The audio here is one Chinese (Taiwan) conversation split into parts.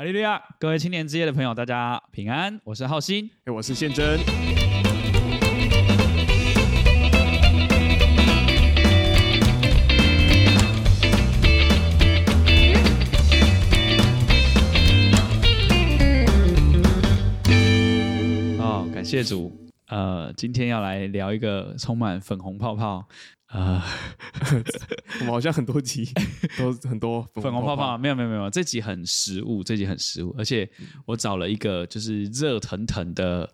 哈利路亞，各位青年之夜的朋友，大家平安，我是浩鑫，欸，我是憲真。哦，感謝主，呃，今天要來聊一個充滿粉紅泡泡。呃， 我們好像很多集都很多粉紅泡泡， 沒有沒有沒有，這集很實物，這集很實物，而且我找了一個就是熱騰騰的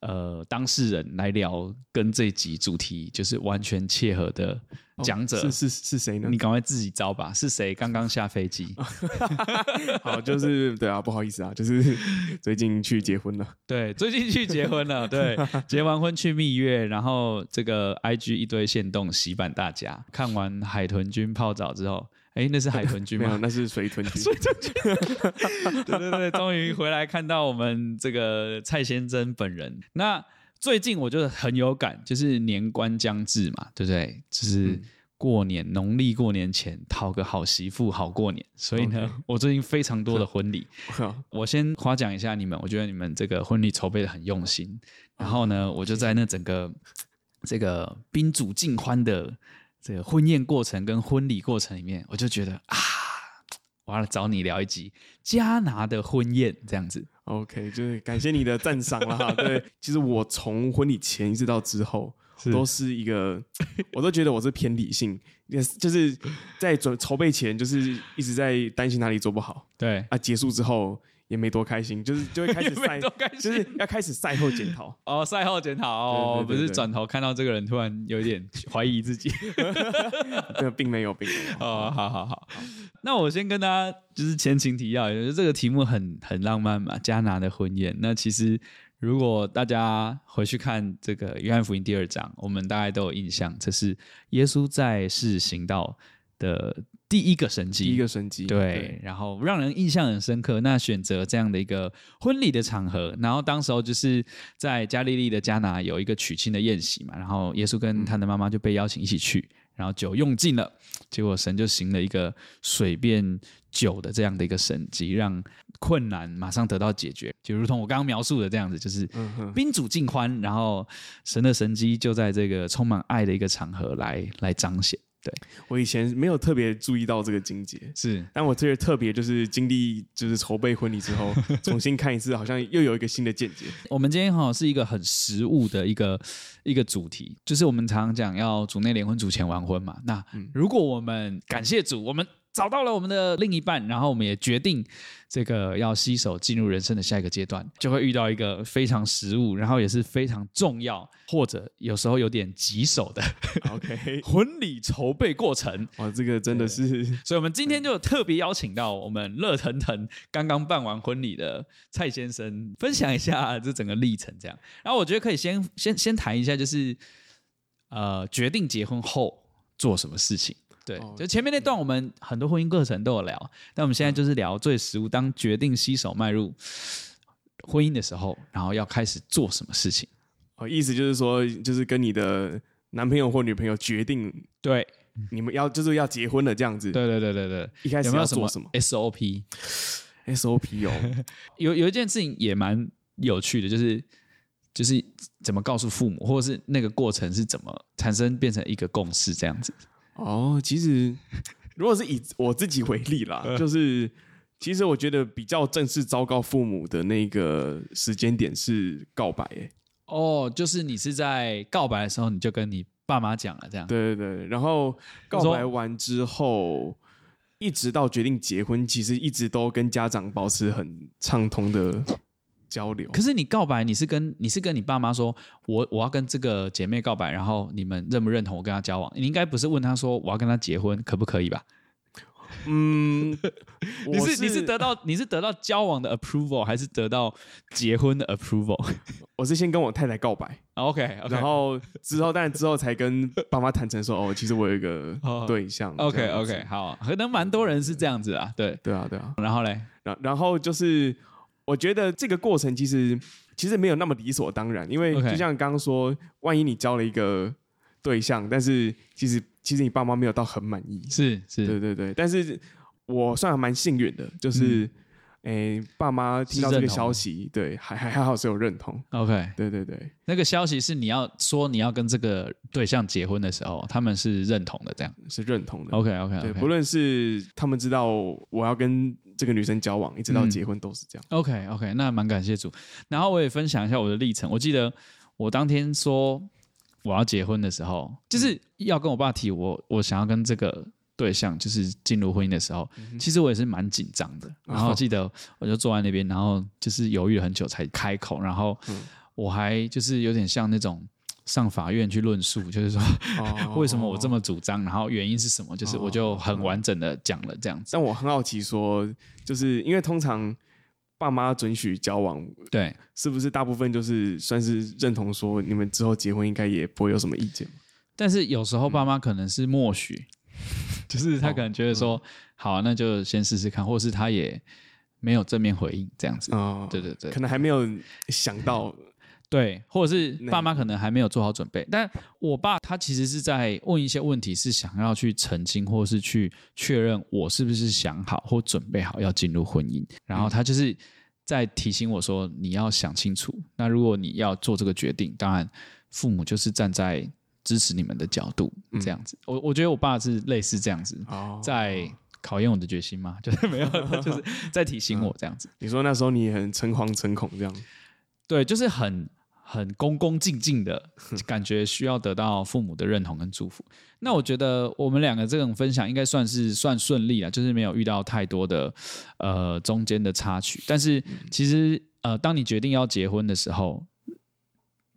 呃當事人來聊，跟這集主題就是完全契合的。講者、哦、是是是誰呢？你趕快自己找吧。是誰？剛剛下飛機。 好，就是對啊，不好意思啊，就是最近去結婚了。對，最近去結婚了。對，結完婚去蜜月，然後這個 IG 一堆限動洗版，大家看完海豚君泡澡之後，哎、欸，那是海豚君嗎？ 沒有，那是水豚君。 對對對，終於回來看到我們這個蔡先生本人。那。最近我覺得很有感，就是年關將至嘛，對不對？就是過年、嗯、農曆過年前討個好媳婦，好過年。所以呢，Okay. 我最近非常多的婚禮，呵呵我先誇獎一下你們，我覺得你們這個婚禮籌備的很用心。Okay. 然後呢，我就在那整個這個賓主盡歡的這個婚宴過程跟婚禮過程裡面，我就覺得啊。我要找你聊一集迦拿的婚宴這樣子，OK，就是感謝你的讚賞了哈。 對，其實我從婚禮前一直到之後，都是一個，我都覺得我是偏理性，也就是在準籌備前，就是一直在擔心哪裡做不好，對啊，結束之後。也沒多開心，就是就會開始賽， 就是要開始賽後檢討哦。賽後檢討、哦，不是轉頭看到這個人，突然有點懷疑自己。這 並沒有病哦。好好好， 那我先跟大家就是前情提要，就是這個題目很很浪漫嘛，迦拿的婚宴。那其實如果大家回去看這個約翰福音第二章，我們大概都有印象，這是耶穌在世行道的。第一個神蹟，第一個神蹟，對，然後讓人印象很深刻。那選擇這樣的一個婚禮的場合，然後當時候就是在加利利的迦拿有一個娶親的宴席嘛，然後耶穌跟他的媽媽就被邀請一起去，嗯、然後酒用盡了，結果神就行了一個水變酒的這樣的一個神蹟，讓困難馬上得到解決，就如同我剛剛描述的這樣子，就是賓主盡歡、嗯，然後神的神蹟就在這個充滿愛的一個場合來來彰顯。對，我以前沒有特別注意到這個境界，是，但我特別特別就是經歷就是籌備婚禮之後，重新看一次， 好像又有一個新的見解。 我們今天哈是一個很實務的一個 一個主題，就是我們常常講要主內聯婚，主前完婚嘛。那如果我們感謝主，我們。找到了我們的另一半，然後我們也決定這個要攜手進入人生的下一個階段，就會遇到一個非常實務，然後也是非常重要，或者有時候有點棘手的。OK， 婚禮籌備過程。哇，這個真的是，所以我們今天就特別邀請到我們熱騰騰剛剛辦完婚禮的蔡先生，分享一下這整個歷程。這樣，然後我覺得可以先先先談一下，就是呃，決定結婚後做什麼事情。對，就前面那段，我們很多婚姻過程都有聊。但我們現在就是聊最實務，當決定攜手邁入婚姻的時候，然後要開始做什麼事情？哦，意思就是說，就是跟你的男朋友或女朋友決定，對，你們要就是要結婚了這樣子。對對對對對，一開始要做什麼 SOP？SOP 哦，有有一件事情也蠻有趣的，就是就是怎麼告訴父母，或者是那個過程是怎麼產生變成一個共識這樣子。哦，其實如果是以我自己為例啦， 就是其實我覺得比較正式、昭告父母的那個時間點是告白、欸，哦，就是你是在告白的時候你就跟你爸媽講了這樣，對對對，然後告白完之後，就是，一直到決定結婚，其實一直都跟家長保持很暢通的交流，可是你告白，你是跟你是跟你爸媽說，我我要跟這個姐妹告白，然後你們認不認同我跟她交往？你應該不是問她說我要跟她結婚可不可以吧？嗯，我是 你是你是得到你是得到交往的 approval 還是得到結婚的 approval？我是先跟我太太告白，oh, okay,，OK，然後之後但之後才跟爸媽坦誠說，哦，其實我有一個對象，oh,，OK OK，好，可能蠻多人是這樣子啊，對，對啊對啊，然後嘞，然然後就是。我覺得這個過程其實其實沒有那麼理所當然，因為就像剛剛說，Okay. 萬一你交了一個對象，但是其實其實你爸媽沒有到很滿意，是是，對對對。但是我算還蠻幸運的，就是誒、嗯欸，爸媽聽到這個消息，對，還還還好是有認同。OK，對對對，那個消息是你要說你要跟這個對象結婚的時候，他們是認同的，這樣是認同的。Okay, OK OK，對，不論是他們知道我要跟。這個女生交往一直到結婚都是這樣。嗯、OK OK，那蠻感謝主。然後我也分享一下我的歷程。我記得我當天說我要結婚的時候，就是要跟我爸提我我想要跟這個對象就是進入婚姻的時候，嗯、其實我也是蠻緊張的。然後記得我就坐在那邊，然後就是猶豫了很久才開口，然後我還就是有點像那種。上法院去論述，就是說、哦、為什麼我這麼主張、哦，然後原因是什麼，就是我就很完整的講了這樣子、嗯嗯。但我很好奇說，說就是因為通常爸媽准許交往，對，是不是大部分就是算是認同，說你們之後結婚應該也不會有什麼意見？但是有時候爸媽可能是默許，嗯、 就是他可能覺得說、哦、好、啊，那就先試試看，或是他也沒有正面回應這樣子。啊、哦，對對對，可能還沒有想到、嗯。嗯對，或者是爸媽可能還沒有做好準備，嗯、但我爸他其實是在問一些問題，是想要去澄清或是去確認我是不是想好或準備好要進入婚姻，然後他就是在提醒我說，你要想清楚。那如果你要做這個決定，當然父母就是站在支持你們的角度、嗯、這樣子。我我覺得我爸是類似這樣子，哦、在考驗我的決心嘛，就是沒有，他就是在提醒我這樣子。嗯、你說那時候你很誠惶誠恐這樣子，對，就是很。很恭恭敬敬的感覺，需要得到父母的認同跟祝福。 那我覺得我們兩個這種分享應該算是算順利啊，就是沒有遇到太多的呃中間的插曲。但是其實呃，當你決定要結婚的時候，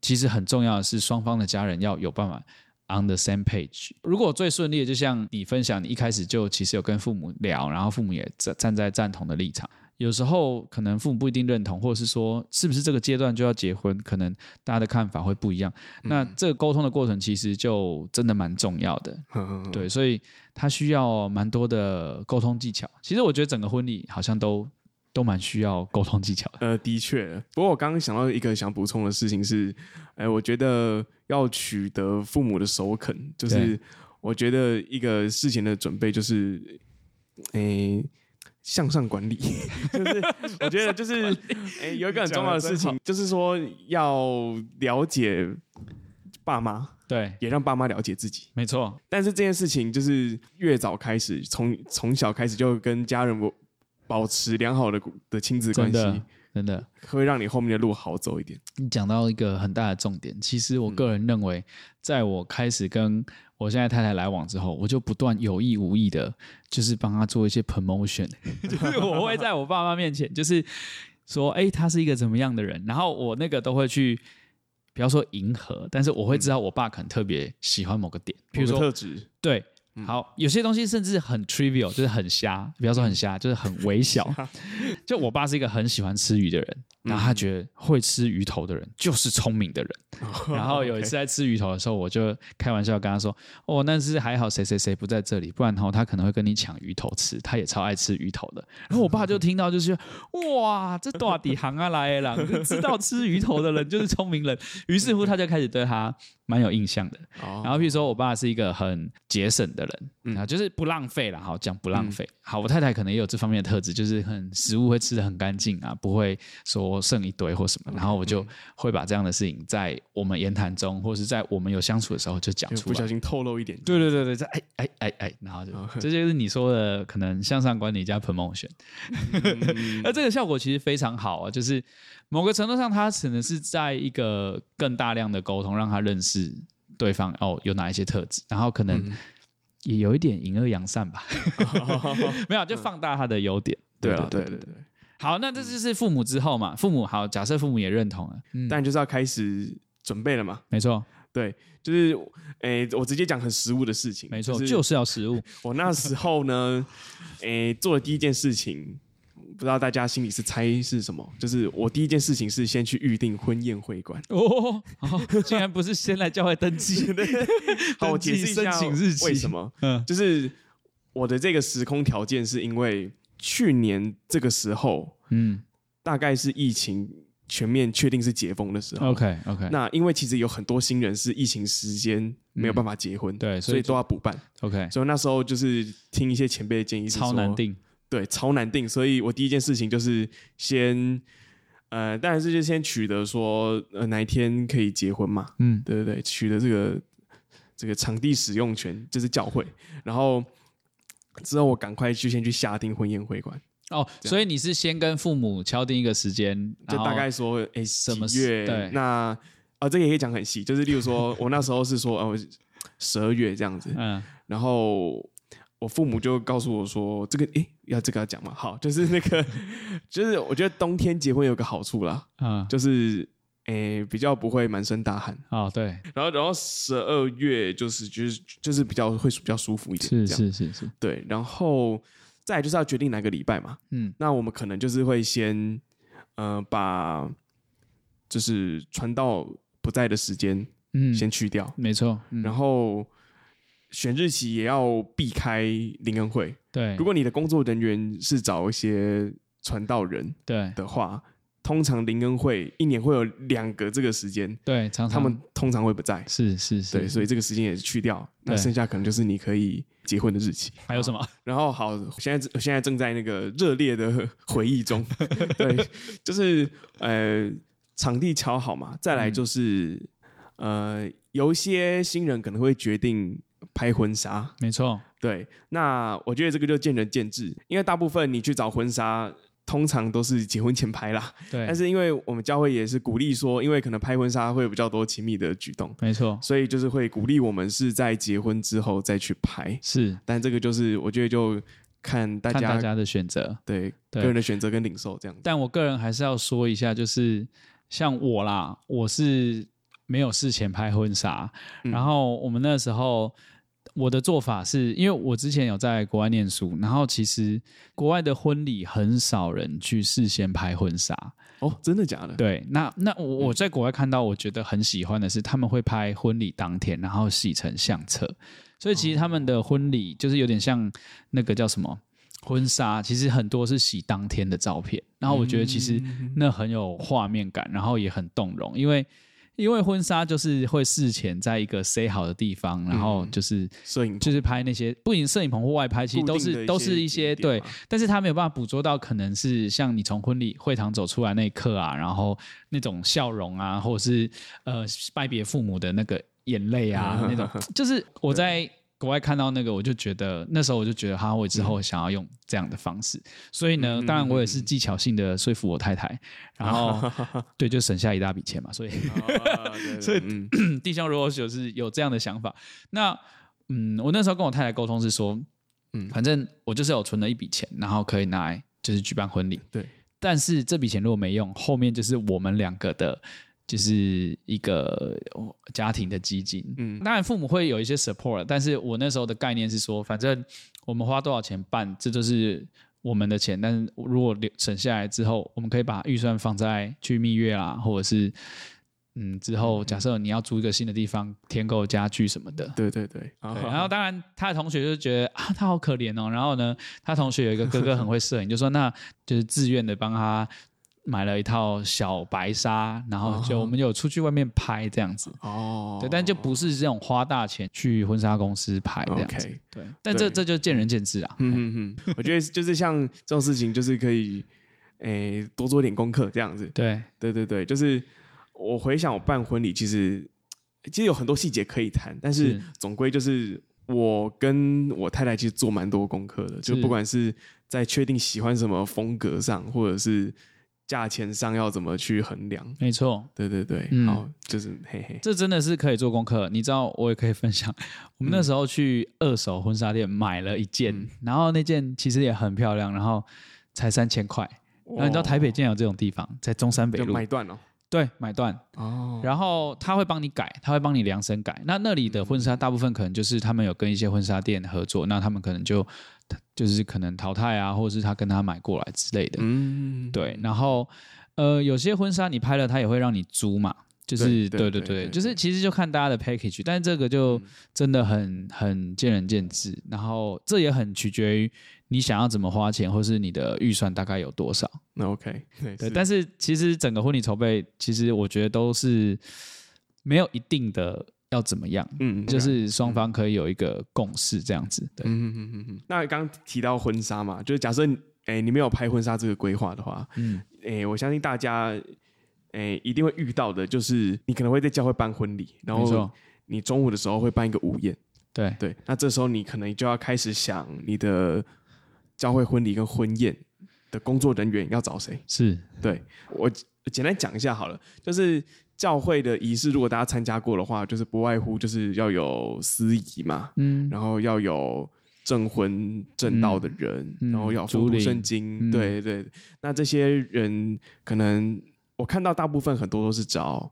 其實很重要的是雙方的家人要有辦法。On the same page。如果我最順利的，就像你分享，你一開始就其實有跟父母聊，然後父母也站站在贊同的立場。有時候可能父母不一定認同，或者是說是不是這個階段就要結婚，可能大家的看法會不一樣。那這個溝通的過程其實就真的蠻重要的。嗯，對，所以他需要蠻多的溝通技巧。其實我覺得整個婚禮好像都。都蠻需要溝通技巧的。呃，的確。不過我剛剛想到一個想補充的事情是，哎、呃，我覺得要取得父母的首肯，就是我覺得一個事情的準備就是，哎、呃，向上管理， 就是我覺得就是，哎、 欸，有一個很重要的事情的就是說要了解爸媽，對，也讓爸媽了解自己，沒錯。但是這件事情就是越早開始，從從小開始就跟家人我保持良好的的親子關係，真的會讓你後面的路好走一點。你講到一個很大的重點，其實我個人認為、嗯，在我開始跟我現在太太來往之後，我就不斷有意無意的，就是幫他做一些 promotion，就 我會在我爸媽面前，就是說，哎、欸，他是一個怎麼樣的人，然後我那個都會去，比方說迎合，但是我會知道我爸可能特別喜歡某個點，比、嗯、如說特質，對。好，有些東西甚至很 trivial，就是很瞎，不要說很瞎，就是很微小。 就我爸是一個很喜歡吃魚的人。然後他覺得會吃魚頭的人就是聰明的人。然後有一次在吃魚頭的時候，我就開玩笑跟他說：“哦，那是還好誰誰誰不在這裡，不然的話他可能會跟你搶魚頭吃。他也超愛吃魚頭的。”然後我爸就聽到，就是哇，這大底行啊來了，知道吃魚頭的人就是聰明人。於是乎他就開始對他蠻有印象的。然後譬如說，我爸是一個很節省的人，嗯，就是不浪費啦，好，講不浪費。好，我太太可能也有這方面的特質，就是很食物會吃得很乾淨啊，不會說。剩一堆或什麼，Okay, 然後我就會把這樣的事情在我們言談中，嗯、或是在我們有相處的時候就講出來，就不小心透露一點。對對對對、哎，哎哎哎哎，然後就、Okay. 這就是你說的可能向上管理加 promotion， 嗯、而這個效果其實非常好啊，就是某個程度上，他可能是在一個更大量的溝通，讓他認識對方哦有哪一些特質，然後可能也有一點隱惡揚善吧， 哦、 沒有就放大他的優點。嗯、對啊，對對對，對。好，那這就是父母之後嘛？父母好，假設父母也認同了、嗯，但就是要開始準備了嘛？沒錯，對，就是誒、欸，我直接講很實務的事情，沒錯、就是，就是要實務、欸。我那時候呢，誒、 欸，做的第一件事情，不知道大家心裡是猜是什麼？就是我第一件事情是先去預定婚宴會館哦，哦，竟然不是先來教會登記的。 對 好，我解釋一下，為什麼？嗯，就是我的這個時空條件是因為。去年這個時候，嗯，大概是疫情全面確定是解封的時候。OK OK。那因為其實有很多新人是疫情時間沒有辦法結婚，嗯、對，所以都要補辦。OK。所以那時候就是聽一些前輩的建議是，超難定，對，超難定。所以我第一件事情就是先，呃，當然是就先取得說，呃，哪一天可以結婚嘛。嗯，對對對，取得這個這個場地使用權，就是教會，嗯、然後。之後我趕快去先去下訂婚宴會館哦。所以你是先跟父母敲定一個時間，就大概說哎、欸，什麼月？對，那啊、呃，這個也可以講很細，就是例如說， 我那時候是說呃，十二月這樣子，嗯，然後我父母就告訴我說，這個哎、欸，要這個要講嘛。好，就是那個， 就是我覺得冬天結婚有個好處啦，嗯。就是。哎、欸，比較不會滿身大汗啊、哦。對，然後，然後十二月就是就是就是比較會比較舒服一點。是是是是。對，然後再就是要決定哪個禮拜嘛。嗯。那我們可能就是會先，嗯、呃、把，就是傳道不在的時間，嗯，先去掉。嗯、沒錯、嗯。然後選日期也要避開靈恩會。對。如果你的工作人員是找一些傳道人，對的話。通常靈恩會一年會有兩個這個時間，對常常，他們通常會不在，是是是，對，所以這個時間也是去掉，那剩下可能就是你可以結婚的日期。還有什麼？然後好，現在現在正在那個熱烈的回憶中， 對，就是呃，場地敲好嘛，再來就是、嗯、呃，有一些新人可能會決定拍婚紗，沒錯，對，那我覺得這個就見仁見智，因為大部分你去找婚紗。通常都是結婚前拍啦，對。但是因為我們教會也是鼓勵說，因為可能拍婚紗會有比較多親密的舉動，沒錯。所以就是會鼓勵我們是在結婚之後再去拍。是，但這個就是我覺得就看大家，看大家的選擇，對，對，個人的選擇跟領受這樣。但我個人還是要說一下，就是像我啦，我是沒有事前拍婚紗，嗯、然後我們那時候。我的做法是因為我之前有在國外念書，然後其實國外的婚禮很少人去事先拍婚紗哦。真的假的？對，那那我我在國外看到，我覺得很喜歡的是他們會拍婚禮當天，然後洗成相冊，所以其實他們的婚禮就是有點像那個叫什麼婚紗，其實很多是洗當天的照片，然後我覺得其實那很有畫面感，然後也很動容，因為。因為婚紗就是會事前在一個塞好的地方，嗯、然後就是攝影，就是拍那些不僅攝影棚戶外拍，其實都是、啊、都是一些對，但是他沒有辦法捕捉到，可能是像你從婚禮會堂走出來那一刻啊，然後那種笑容啊，或者是呃拜別父母的那個眼淚啊，嗯、那種 就是我在，國外看到那個，我就覺得那時候我就覺得哈，我之後想要用這樣的方式、嗯，所以呢，當然我也是技巧性的說服我太太，嗯、然後、嗯、對，就省下一大筆錢嘛，所以、啊、對 所以、嗯、弟兄如果就是有這樣的想法，那嗯，我那時候跟我太太溝通是說，嗯，反正我就是有存了一筆錢，然後可以拿來就是舉辦婚禮，對，但是這筆錢如果沒用，後面就是我們兩個的。就是一個家庭的基金，嗯，當然父母會有一些 support，但是我那時候的概念是說，反正我們花多少錢辦，這就是我們的錢，但是如果留省下來之後，我們可以把預算放在去蜜月啊，或者是，嗯，之後假設你要租一個新的地方，添購家具什麼的。對對對，對，然後當然他的同學就覺得啊，他好可憐哦，然後呢，他同學有一個哥哥很會攝影，就是說那就是自願的幫他。買了一套小白紗，然後就我們有出去外面拍這樣子哦，oh. 對，oh. 但就不是這種花大錢去婚紗公司拍這樣子，okay. 對，但這這就見仁見智啊，嗯嗯嗯， 我覺得就是像這種事情，就是可以誒、欸、多做點功課這樣子，對對對對，就是我回想我辦婚禮，其實其實有很多細節可以談，但是總歸就是我跟我太太其實做蠻多功課的，就不管是在確定喜歡什麼風格上，或者是。價錢上要怎麼去衡量？沒錯，對對對、嗯，好，就是嘿嘿，這真的是可以做功課。你知道，我也可以分享。我們那時候去二手婚紗店買了一件、嗯，然後那件其實也很漂亮，然後才三千塊。然後你知道台北竟然有這種地方，在中山北路。對，買斷哦。然後他會幫你改，他會幫你量身改。那那裡的婚紗大部分可能就是他們有跟一些婚紗店合作，那他們可能就就是可能淘汰啊，或者是他跟他買過來之類的。嗯，oh，對。然後呃，有些婚紗你拍了，他也會讓你租嘛。就是對對對，對，就是其實就看大家的 package，但這個就真的很很見仁見智。然後這也很取決於你想要怎麼花錢，或是你的預算大概有多少對對對對對對。嗯、見見多少，那 OK，對。但是其實整個婚禮籌備，其實我覺得都是沒有一定的要怎麼樣，嗯、okay，就是雙方可以有一個共識這樣子。嗯嗯嗯嗯嗯。Okay、那剛剛提到婚紗嘛，就是假設哎你、欸、你沒有拍婚紗這個規劃的話，嗯、欸，哎我相信大家。哎，一定會遇到的，就是你可能會在教會辦婚禮，然後你中午的時候會辦一個午宴。對對，那這時候你可能就要開始想你的教會婚禮跟婚宴的工作人員要找誰。是，對，我簡單講一下好了，就是教會的儀式，如果大家參加過的話，就是不外乎就是要有司儀嘛，嗯，然後要有證婚證道的人，嗯嗯、然後要讀聖經。對對，那這些人可能。我看到大部分很多都是找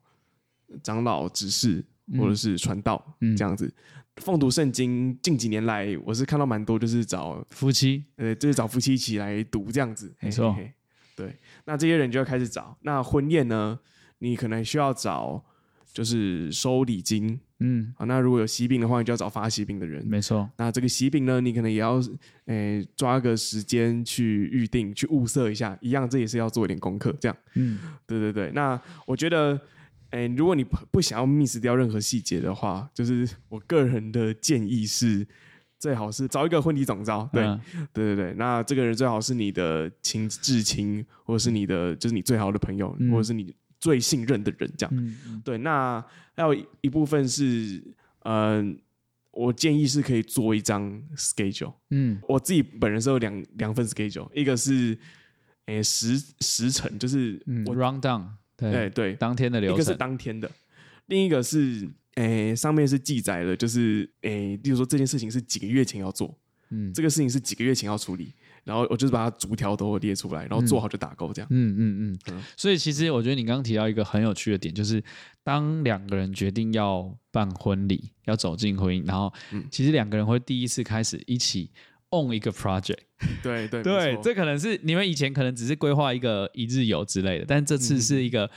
長老指示、執事或者是傳道，嗯，這樣子，奉讀聖經。近幾年來，我是看到蠻多就是找夫妻，呃，就是找夫妻一起來讀這樣子。沒錯，對。那這些人就要開始找。那婚宴呢？你可能需要找，就是收禮金。嗯，好，那如果有喜餅的話，你就要找發喜餅的人。沒錯，那這個喜餅呢，你可能也要，誒，抓個時間去預定，去物色一下，一樣這也是要做一點功課，這樣。嗯，對對對。那我覺得，誒，如果你不想要 miss 掉任何細節的話，就是我個人的建議是，最好是找一個婚禮總召。對，嗯、對對對。那這個人最好是你的親至親，或者是你的就是你最好的朋友，或者是你。嗯最信任的人，這樣、嗯、對。那還有一部分是，呃，我建議是可以做一張 schedule。嗯，我自己本人是有兩兩份 schedule，一個是誒、欸、時時辰，就是我、嗯、rundown，對對，對，當天的流程，一個是當天的，另一個是誒、欸、上面是記載的，就是呃、欸，例如說這件事情是幾個月前要做，嗯，這個事情是幾個月前要處理。然後我就是把它逐條都會列出來，然後做好就打勾這樣。嗯嗯嗯，嗯，嗯。所以其實我覺得你剛剛提到一個很有趣的點，就是當兩個人決定要辦婚禮、要走進婚姻，然後其實兩個人會第一次開始一起 own 一個 project。嗯、對對 對，這可能是你們以前可能只是規劃一個一日遊之類的，但這次是一個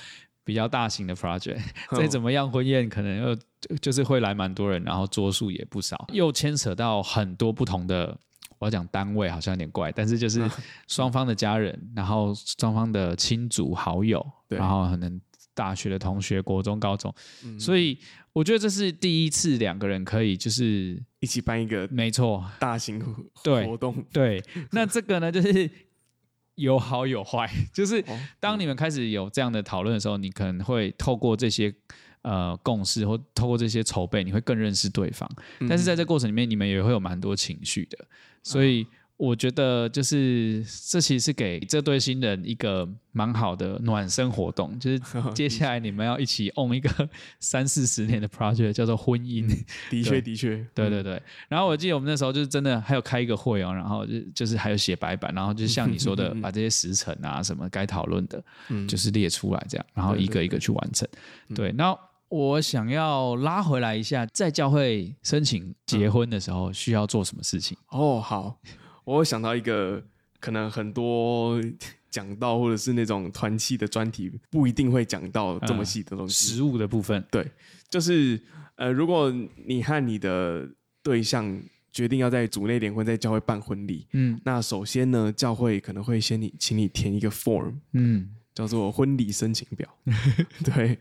比較大型的 project，嗯。再 怎麼樣？婚宴可能又就是會來蠻多人，然後桌數也不少，又牽扯到很多不同的。我要講單位好像有點怪，但是就是雙方的家人，啊、然後雙方的親族好友，然後可能大學的同學、國中、高中，嗯、所以我覺得這是第一次兩個人可以就是一起辦一個大型活動。沒錯。大型活動。對。對，那這個呢，就是有好有壞。 就是當你們開始有這樣的討論的時候，你可能會透過這些呃共識，或透過這些籌備，你會更認識對方、嗯。但是在這過程裡面，你們也會有蠻多情緒的。所以我覺得，就是這其實是給這對新人一個蠻好的暖身活動，就是接下來你們要一起 on 一個三四十年的 project，叫做婚姻。的確，的確，對對對，對。然後我記得我們那時候就是真的還有開一個會哦，然後就就是還有寫白板，然後就像你說的，把這些時程啊什麼該討論的，就是列出來這樣，然後一個一個去完成。對，那。我想要拉回來一下，在教會申請結婚的時候需要做什麼事情？哦、嗯，oh, 好，我想到一個可能很多講到或者是那種團契的專題，不一定會講到這麼細的東西。實、嗯、物的部分，對，就是呃，如果你和你的對象決定要在組內聯婚，在教會辦婚禮，嗯，那首先呢，教會可能會先你請你填一個 form，嗯，叫做婚禮申請表， 對。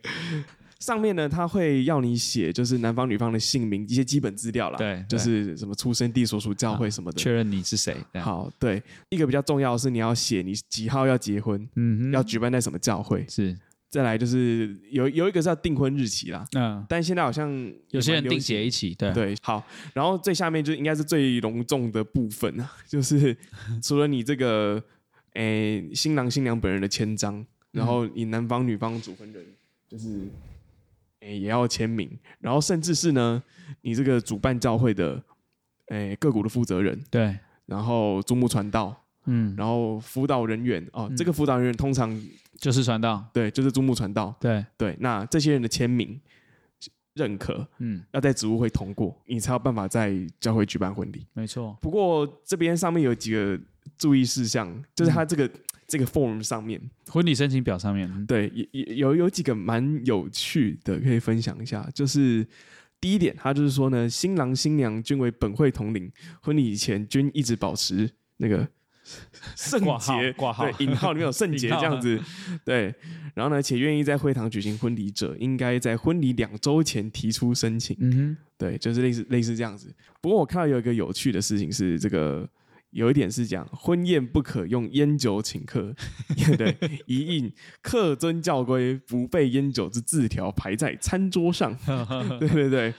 上面呢，他會要你寫，就是男方女方的姓名，一些基本資料啦，對，對就是什麼出生地、所屬教會什麼的，確認你是誰。好，對，一個比較重要的是你要寫你幾號要結婚，嗯，要舉辦在什麼教會。是，再來就是有有一個是要訂婚日期啦，嗯、呃，但現在好像有些人訂結一起，對對，好，然後最下面就應該是最隆重的部分啊，就是除了你這個， 誒，新郎新娘本人的簽章，然後你男方女方主婚人就是。也要簽名，然後甚至是呢，你這個主辦教會的誒，各股的負責人，對，然後主牧傳道，嗯，然後輔導人員哦、嗯，這個輔導人員通常就是傳道，對，就是主牧傳道，對，對，那這些人的簽名認可，嗯，要在職務會通過，你才有辦法在教會舉辦婚禮，沒錯。不過這邊上面有幾個注意事項，就是他這個。嗯這個 form 上面，婚禮申請表上面對，有有有幾個蠻有趣的可以分享一下，就是第一點，他就是說呢，新郎新娘均為本會同領，婚禮前均一直保持那個聖潔，掛號，對 引號裡面有聖潔這樣子， 對，然後呢，且願意在會堂舉行婚禮者，應該在婚禮兩周前提出申請，嗯哼，對，就是類似類似這樣子。不過我看到有一個有趣的事情是這個。有一點是講，婚宴不可用煙酒請客，對 不 對？一應客遵教規，不備煙酒之字條排在餐桌上， 對對對。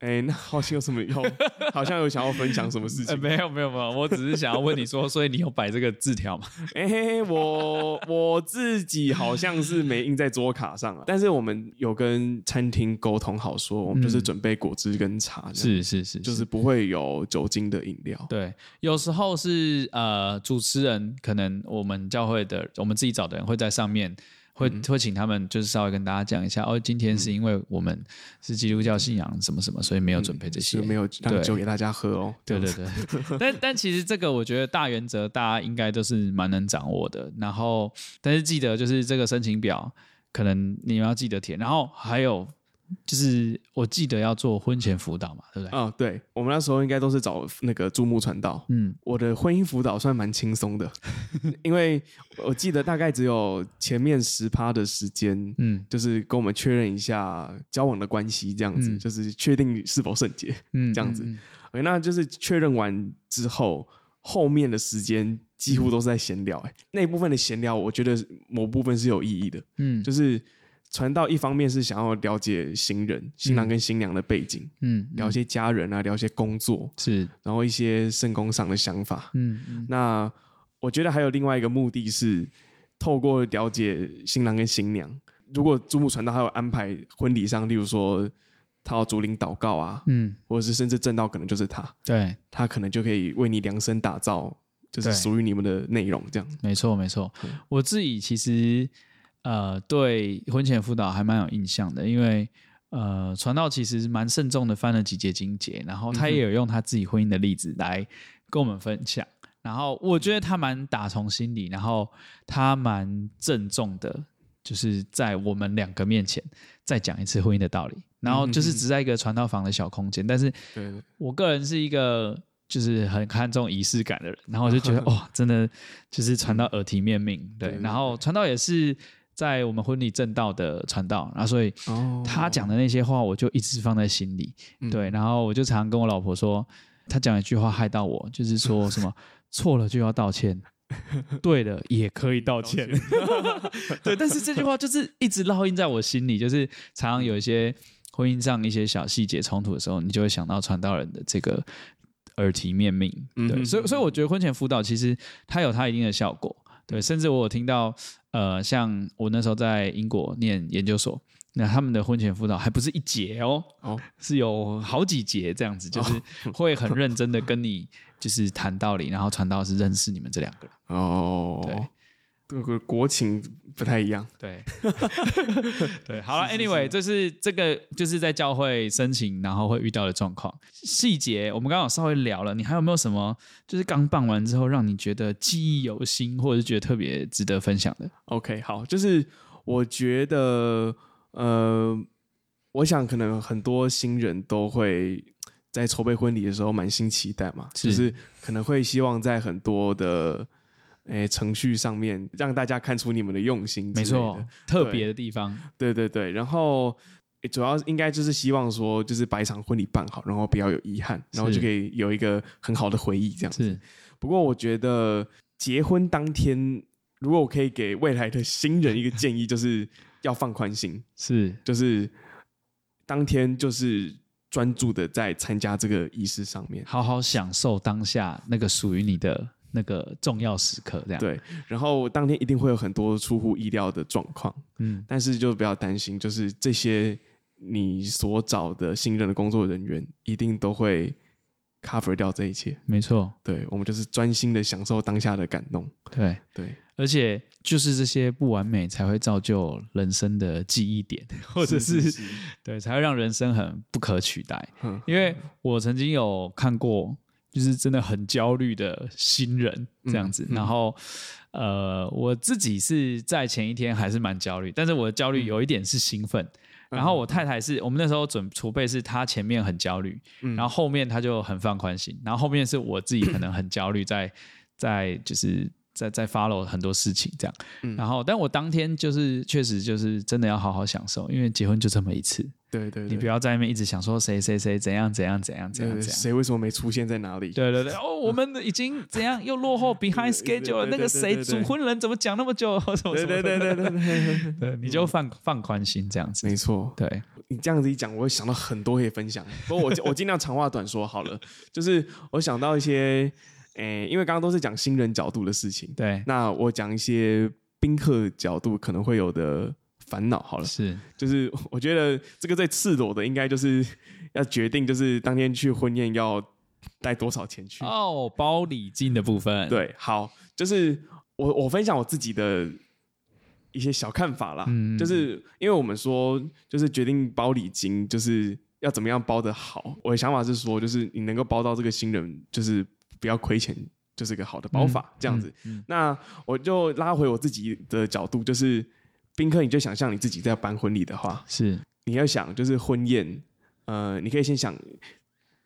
哎、欸，那好像有什麼用？ 好像有想要分享什麼事情、欸？沒有，沒有，沒有，我只是想要問你說， 所以你有擺這個字條嗎？哎、欸，我我自己好像是沒印在桌卡上了、啊，但是我們有跟餐廳溝通好說，說我們就是準備果汁跟茶、嗯，是是是，就是不會有酒精的飲料。對，有時候是呃，主持人可能我們教會的，我們自己找的人會在上面。會會請他們就是稍微跟大家講一下、嗯、哦，今天是因為我們是基督教信仰什麼什麼，所以沒有準備這些，嗯、就沒有酒給大家喝哦。對對對，對對， 但但其實這個我覺得大原則大家應該都是蠻能掌握的，然後但是記得就是這個申請表可能你們要記得填，然後還有。就是我記得要做婚前輔導嘛，對不對？啊、哦，對，我們那時候應該都是找那個注目傳道。嗯，我的婚姻輔導算蠻輕鬆的， 因為我記得大概只有前面十趴的時間，嗯，就是跟我們確認一下交往的關係，這樣子，嗯、就是確定是否聖潔，嗯，這樣子。嗯嗯嗯、okay, 那就是確認完之後，後面的時間幾乎都是在閒聊、欸。哎、嗯，那一部分的閒聊，我覺得某部分是有意義的，嗯，就是。傳道一方面是想要了解新人，新郎跟新娘的背景，嗯，聊一些家人啊，聊一些工作是，然後一些聖工上的想法，嗯，嗯。那我覺得還有另外一個目的是透過了解新郎跟新娘，如果祖母傳道還有安排婚禮上，例如說他要主領禱告啊，嗯，或者是甚至證道可能就是他，對，他可能就可以為你量身打造，就是屬於你們的內容，這樣。沒錯，沒錯。嗯。我自己其實，呃，對婚前的輔導還蠻有印象的，因為呃，傳道其實蠻慎重的，翻了幾節經節，然後他也有用他自己婚姻的例子來跟我們分享。嗯、然後我覺得他蠻打從心底，然後他蠻鄭重的，就是在我們兩個面前再講一次婚姻的道理。然後就是只在一個傳道房的小空間、嗯，但是我個人是一個就是很看重儀式感的人，然後我就覺得、啊、呵呵哦，真的就是傳道耳提面命對。對，然後傳道也是。在我們婚禮證道的傳道，然後所以他講的那些話，我就一直放在心裡。哦、對，然後我就常常跟我老婆說，他講一句話害到我，就是說什麼錯、嗯、了就要道歉， 對了，也可以道歉。道歉 對，但是這句話就是一直烙印在我心裡，就是常常有一些婚姻上一些小細節衝突的時候，你就會想到傳道人的這個耳提面命。對，嗯嗯嗯對，所以所以我覺得婚前輔導其實它有它一定的效果。對，甚至我有聽到，呃，像我那時候在英國唸研究所，那他們的婚前輔導還不是一節哦，哦，是有好幾節這樣子，哦，就是會很認真的跟你就是談道理， 然後傳道是認識你們這兩個。哦，哦，哦，哦，哦。對。各個國情不太一樣，對 對，好了，anyway，就是這個就是在教會申請，然後會遇到的狀況細節，我們剛好稍微聊了，你還有沒有什麼就是剛辦完之後讓你覺得記憶猶新，或者是覺得特別值得分享的？OK，好，就是我覺得，呃，我想可能很多新人都會在籌備婚禮的時候滿心期待嘛，就是可能會希望在很多的。哎，程序上面讓大家看出你們的用心的，沒錯，特別的地方，對對對。然後主要應該就是希望說，就是把一場婚禮辦好，然後不要有遺憾，然後就可以有一個很好的回憶。這樣子是。不過我覺得結婚當天，如果我可以給未來的新人一個建議， 就是要放寬心，是就是當天就是專注的在參加這個儀式上面，好好享受當下那個屬於你的。那個重要時刻，這樣對。然後當天一定會有很多出乎意料的狀況，嗯，但是就不要擔心，就是這些你所找的信任的工作人員一定都會 cover 掉這一切。沒錯，對，我們就是專心的享受當下的感動。對對，而且就是這些不完美才會造就人生的記憶點，或者是，是，是對，才會讓人生很不可取代。嗯，因為我曾經有看過。就是真的很焦慮的新人這樣子、嗯嗯，然後，呃，我自己是在前一天還是蠻焦慮，但是我的焦慮有一點是興奮、嗯。然後我太太是，我們那時候準儲備是她前面很焦慮、嗯，然後後面她就很放寬心。然後後面是我自己可能很焦慮，在、嗯、在就是。在在 follow 很多事情這樣，嗯、然後但我當天就是確實就是真的要好好享受，因為結婚就這麼一次。對對、對，你不要在外面一直想說誰誰誰怎樣怎樣怎樣怎樣，對對對怎樣，誰為什麼沒出現在哪裡？對對對，哦， 我們已經怎樣又落後 behind schedule？對對對對對那個誰對對對對對主婚人怎麼講那麼久？什麼什麼對、對、對對對對對， 對你就放、嗯、放寬心這樣子，沒錯。對，你這樣子一講，我會想到很多可以分享。 不過我我盡，我盡量長話短說好了， 就是我想到一些。哎，因為剛剛都是講新人角度的事情，對，那我講一些賓客角度可能會有的煩惱好了，是，就是我覺得這個最赤裸的，應該就是要決定，就是當天去婚宴要帶多少錢去哦，oh, 包禮金的部分，對，好，就是我我分享我自己的一些小看法啦，嗯，就是因為我們說，就是決定包禮金，就是要怎麼樣包得好，我的想法是說，就是你能夠包到這個新人，就是。不要虧錢就是一個好的包法，嗯，這樣子，嗯嗯。那我就拉回我自己的角度，就是賓客，你就想象你自己在辦婚禮的話，是你要想，就是婚宴、嗯、呃，你可以先想，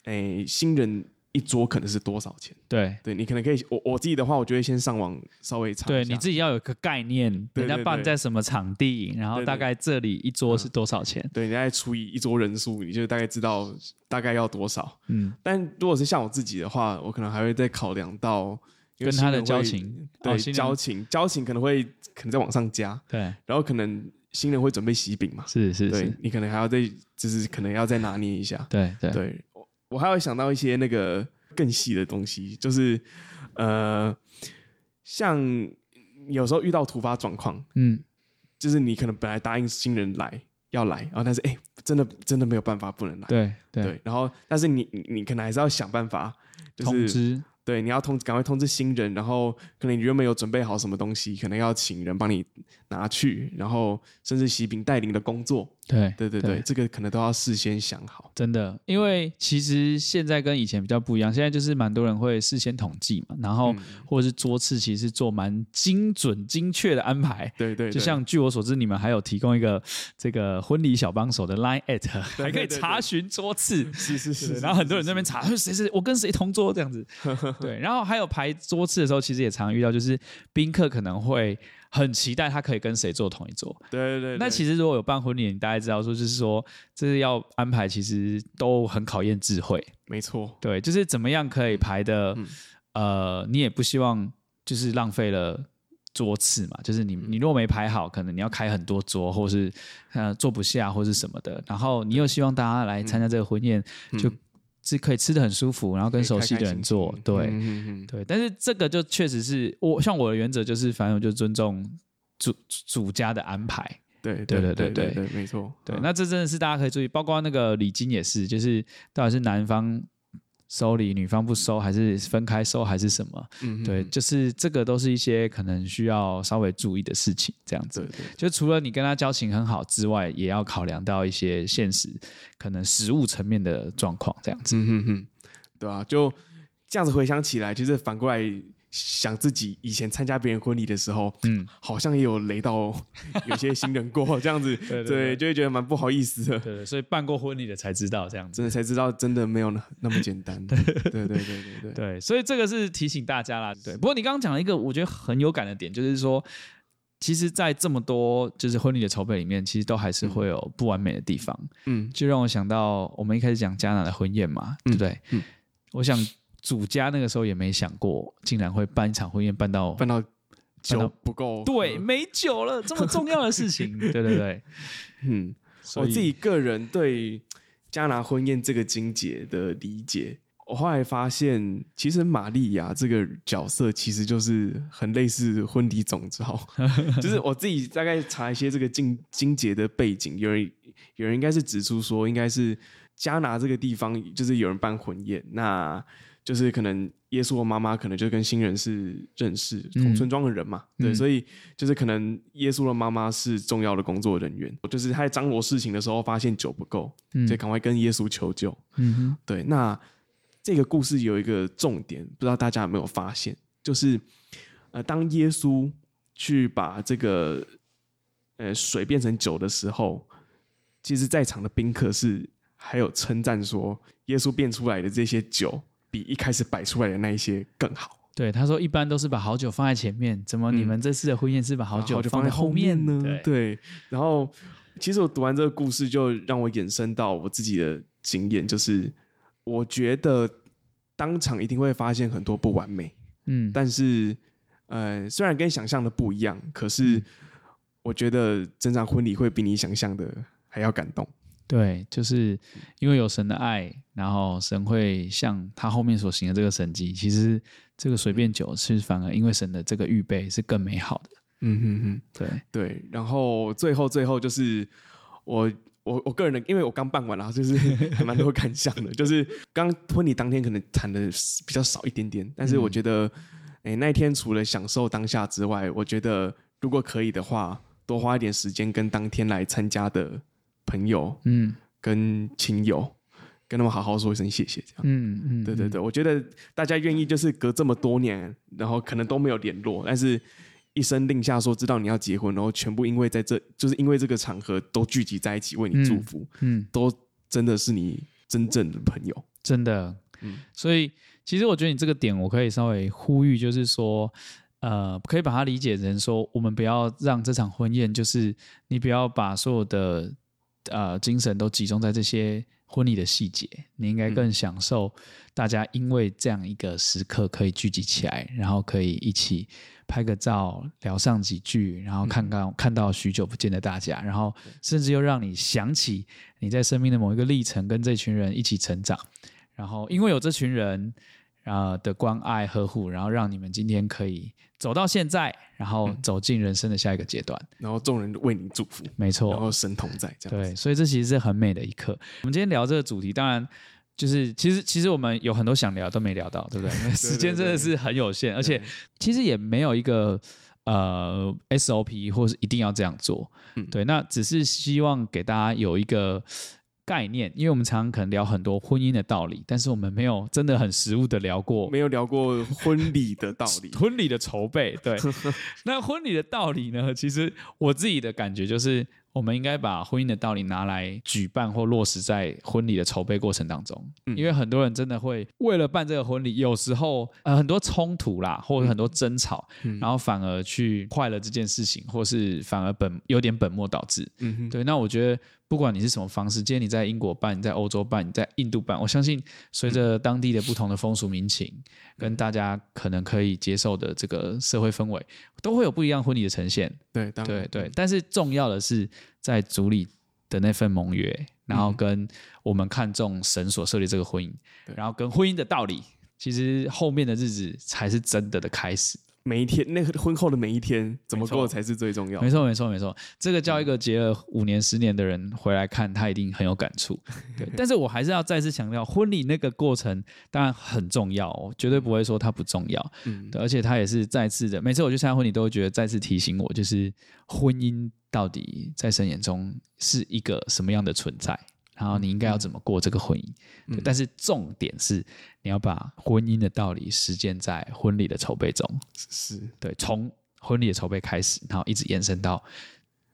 哎，欸，新人。一桌可能是多少錢？對，對你可能可以，我我自己的話，我就會先上網稍微查一下對，你自己要有個概念，人家辦在什麼場地對對對，然後大概這裡一桌是多少錢？對，對，對，人、嗯、家除以一桌人數，你就大概知道大概要多少。嗯，但如果是像我自己的話，我可能還會再考量到跟他的交情，對、哦，交情，交情可能會可能再往上加。對，然後可能新人會準備喜餅嘛？是是，對是你可能還要再就是可能要再拿捏一下。對對。對我還會想到一些那個更細的東西，就是，呃，像有時候遇到突發狀況，嗯，就是你可能本來答應新人來要來，然後但是哎、欸，真的真的沒有辦法不能來，對、對、對，然後但是你你可能還是要想辦法，就是、通知，對，你要通趕快通知新人，然後可能你原本有準備好什麼東西，可能要請人幫你拿去，然後甚至席賓帶領的工作。對對對對，對，對，對，這個可能都要事先想好，真的。因為其實現在跟以前比較不一樣，現在就是蠻多人會事先統計嘛，然後、嗯、或者是桌次，其實做蠻精準、精確的安排。對，對對，就像據我所知，你們還有提供一個這個婚禮小幫手的 Line at，還可以查詢桌次。對對對對 是是是，是，然後很多人在那邊查，說誰誰，我跟誰同桌這樣子。 對，然後還有排桌次的時候，其實也常、常遇到，就是賓客可能會。很期待他可以跟誰坐同一桌。對對對。那其實如果有辦婚禮，你大概知道說，就是說這是要安排，其實都很考驗智慧。沒錯。對，就是怎麼樣可以排的，呃，你也不希望就是浪費了桌次嘛。就是你你如果沒排好，可能你要開很多桌，或是嗯、呃、坐不下，或是什麼的。然後你又希望大家來參加這個婚宴，就、嗯。是可以吃的很舒服，然後跟熟悉的人做。對、嗯哼哼，對，但是這個就確實是我，像我的原則就是，反正我就尊重主主家的安排，對，對，對，對，對，沒錯，對，那這真的是大家可以注意，包括那個禮金也是，就是到底是男方。收禮，女方不收還是分開收還是什麼、嗯？對，就是這個都是一些可能需要稍微注意的事情。這樣子，對對對，就除了你跟他交情很好之外，也要考量到一些現實可能實物層面的狀況。這樣子、嗯哼哼，對啊，就這樣子回想起來，其、就是反過來。想自己以前參加別人婚禮的時候，嗯，好像也有雷到有些新人過 這樣子，對對對，對，就會覺得蠻不好意思的，對對對的。對，所以辦過婚禮的才知道這樣子，真的才知道真的沒有那那麼簡單。對，對，對，對，對，對，對，所以這個是提醒大家啦。對，不過你剛剛講了一個我覺得很有感的點，就是說，其實，在這麼多就是婚禮的籌備裡面，其實都還是會有不完美的地方。嗯，就讓我想到我們一開始講迦拿的婚宴嘛，嗯、對不對、嗯？我想。主家那個時候也沒想過，竟然會辦一場婚宴，辦到辦到酒不夠，對，沒酒了，這麼重要的事情， 對，對對對，嗯，所以，我自己個人對迦拿婚宴這個經節的理解，我後來發現，其實瑪利亞這個角色其實就是很類似婚禮總召， 就是我自己大概查一些這個經經節的背景，有人有人應該是指出說，應該是。迦拿這個地方就是有人辦婚宴，那就是可能耶穌的媽媽可能就跟新人是認識同村莊的人嘛、嗯，對，所以就是可能耶穌的媽媽是重要的工作人員。嗯、就是他在張羅事情的時候，發現酒不夠，就、嗯、趕快跟耶穌求救、嗯哼。對，那這個故事有一個重點，不知道大家有沒有發現，就是呃，當耶穌去把這個呃水變成酒的時候，其實，在場的賓客是。還有稱讚說，耶穌變出來的這些酒比一開始擺出來的那一些更好。對，他說一般都是把好酒放在前面，怎麼你們這次的婚宴是把好酒放在後面，在後面呢？對，對。然後，其實我讀完這個故事，就讓我衍生到我自己的經驗，就是我覺得當場一定會發現很多不完美，嗯，但是呃，雖然跟想象的不一樣，可是我覺得這場婚禮會比你想象的還要感動。對，就是因為有神的愛，然後神會像他後面所行的這個神蹟，其實這個水變酒是反而因為神的這個預備是更美好的。嗯哼哼，對對。然後最後最後就是我我我個人的，因為我剛辦完了，然後就是還蠻多感想的。 就是剛婚禮當天可能談的比較少一點點，但是我覺得、嗯誒，那一天除了享受當下之外，我覺得如果可以的話，多花一點時間跟當天來參加的。朋友，嗯，跟親友，跟他們好好說一聲謝謝，這樣，嗯嗯，對對對，我覺得大家願意，就是隔這麼多年，然後可能都沒有聯絡，但是一聲令下說知道你要結婚，然後全部因為在這，就是因為這個場合都聚集在一起為你祝福，嗯，都真的是你真正的朋友，真的，嗯，所以其實我覺得你這個點，我可以稍微呼籲，就是說，呃，可以把它理解成說，我們不要讓這場婚宴，就是你不要把所有的。呃，精神都集中在這些婚禮的細節。你應該更享受大家因為這樣一個時刻可以聚集起來，嗯、然後可以一起拍個照、聊上幾句，然後看看、嗯、看到許久不見的大家，然後甚至又讓你想起你在生命的某一個歷程跟這群人一起成長，然後因為有這群人。啊的關愛呵護，然後讓你們今天可以走到現在，然後走進人生的下一個階段。嗯、然後眾人為你祝福，沒錯，然後神同在，這樣。對，所以這其實是很美的一刻。我們今天聊這個主題，當然就是其實其實我們有很多想聊都沒聊到，對不對, 對,對,對？時間真的是很有限，而且其實也沒有一個呃 SOP 或是一定要這樣做、嗯。對，那只是希望給大家有一個。概念，因為我們常常可能聊很多婚姻的道理，但是我們沒有真的很實務的聊過，沒有聊過婚禮的道理， 婚禮的籌備。對， 那婚禮的道理呢？其實我自己的感覺就是，我們應該把婚姻的道理拿來舉辦或落實在婚禮的籌備過程當中，嗯、因為很多人真的會為了辦這個婚禮，有時候呃很多衝突啦，或者很多爭吵、嗯，然後反而去壞了這件事情，或是反而本有點本末倒置。嗯，對，那我覺得。不管你是什麼方式，今天你在英國辦，你在歐洲辦，你在印度辦，我相信隨着當地的不同的風俗民情跟大家可能可以接受的這個社會氛圍，都會有不一樣婚禮的呈現。對，當然對，對。但是重要的是在主裡的那份盟約，然後跟我們看重神所設立這個婚姻，然後跟婚姻的道理，其實後面的日子才是真的的開始。每一天，那個、婚後的每一天怎麼過才是最重要？沒錯，沒錯，沒錯。這個叫一個結了五年、十年的人回來看，他一定很有感觸。對， 對，但是我還是要再次強調，婚禮那個過程當然很重要哦，絕對不會說它不重要。嗯，而且他也是再次的，每次我去參加婚禮，都會覺得再次提醒我，就是婚姻到底在神眼中是一個什麼樣的存在。然後你應該要怎麼過這個婚姻、嗯對？但是重點是你要把婚姻的道理實踐在婚禮的籌備中，是,是對，從婚禮的籌備開始，然後一直延伸到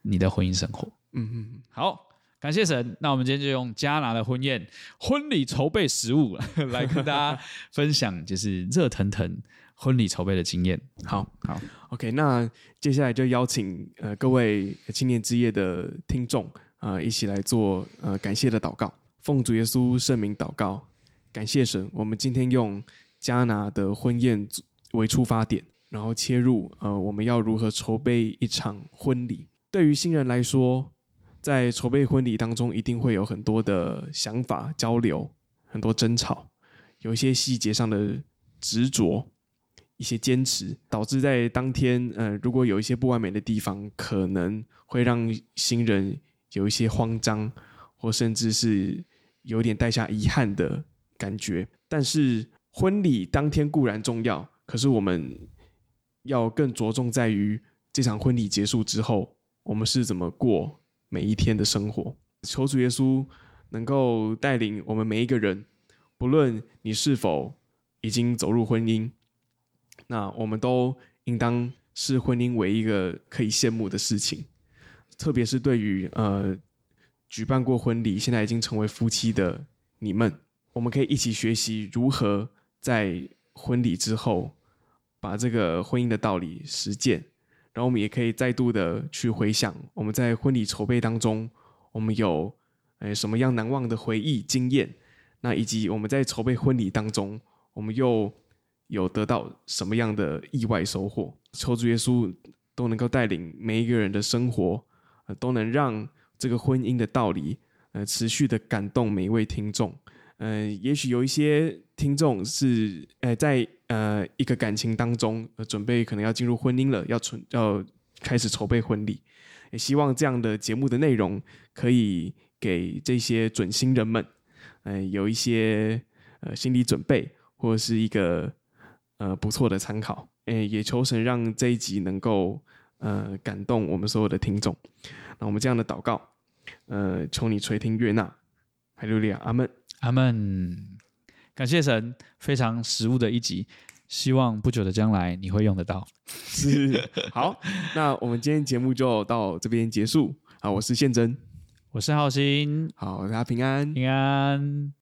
你的婚姻生活。嗯嗯好，感謝神。那我們今天就用迦拿的婚宴婚禮籌備實務來跟大家分享，就是熱騰騰婚禮籌備的經驗。好好，OK，那接下來就邀請呃各位青年之夜的聽眾。啊、呃，一起來做呃感謝的禱告，奉主耶穌聖名禱告，感謝神。我們今天用迦拿的婚宴為出發點，然後切入呃，我們要如何籌備一場婚禮？對於新人來說，在籌備婚禮當中，一定會有很多的想法交流，很多爭吵，有一些細節上的執着，一些堅持，導致在當天，呃，如果有一些不完美的地方，可能會讓新人。有一些慌張，或甚至是有點帶些遺憾的感覺。但是婚禮當天固然重要，可是我們要更着重在於這場婚禮結束之後，我們是怎麼過每一天的生活。求主耶穌能夠帶領我們每一個人，不論你是否已經走入婚姻，那我們都應當視婚姻為一個可以羨慕的事情。特別是對於呃舉辦過婚禮、現在已經成為夫妻的你們，我們可以一起學習如何在婚禮之後把這個婚姻的道理實踐。然後我們也可以再度的去回想我們在婚禮籌備當中，我們有哎、欸、什麼樣難忘的回憶經驗，那以及我們在籌備婚禮當中，我們又有得到什麼樣的意外收穫。求主耶穌都能夠帶領每一個人的生活。呃、都能讓這個婚姻的道理，呃，持續的感動每一位聽眾。嗯、呃，也許有一些聽眾是，呃，在呃一個感情當中，呃，準備可能要進入婚姻了，要籌要開始籌備婚禮。也、呃、希望這樣的節目的內容可以給這些準新人們，嗯、呃，有一些呃心理準備或者是一個呃不錯的參考。哎、呃，也求神讓這一集能夠。呃，感動我們所有的聽眾。那我們這樣的禱告，呃，求你垂聽悅納，哈利路亞，阿門，阿門。感謝神，非常實務的一集，希望不久的將來你會用得到。是，好， 那我們今天節目就到這邊結束。好，我是憲真，我是浩興，好，大家平安，平安。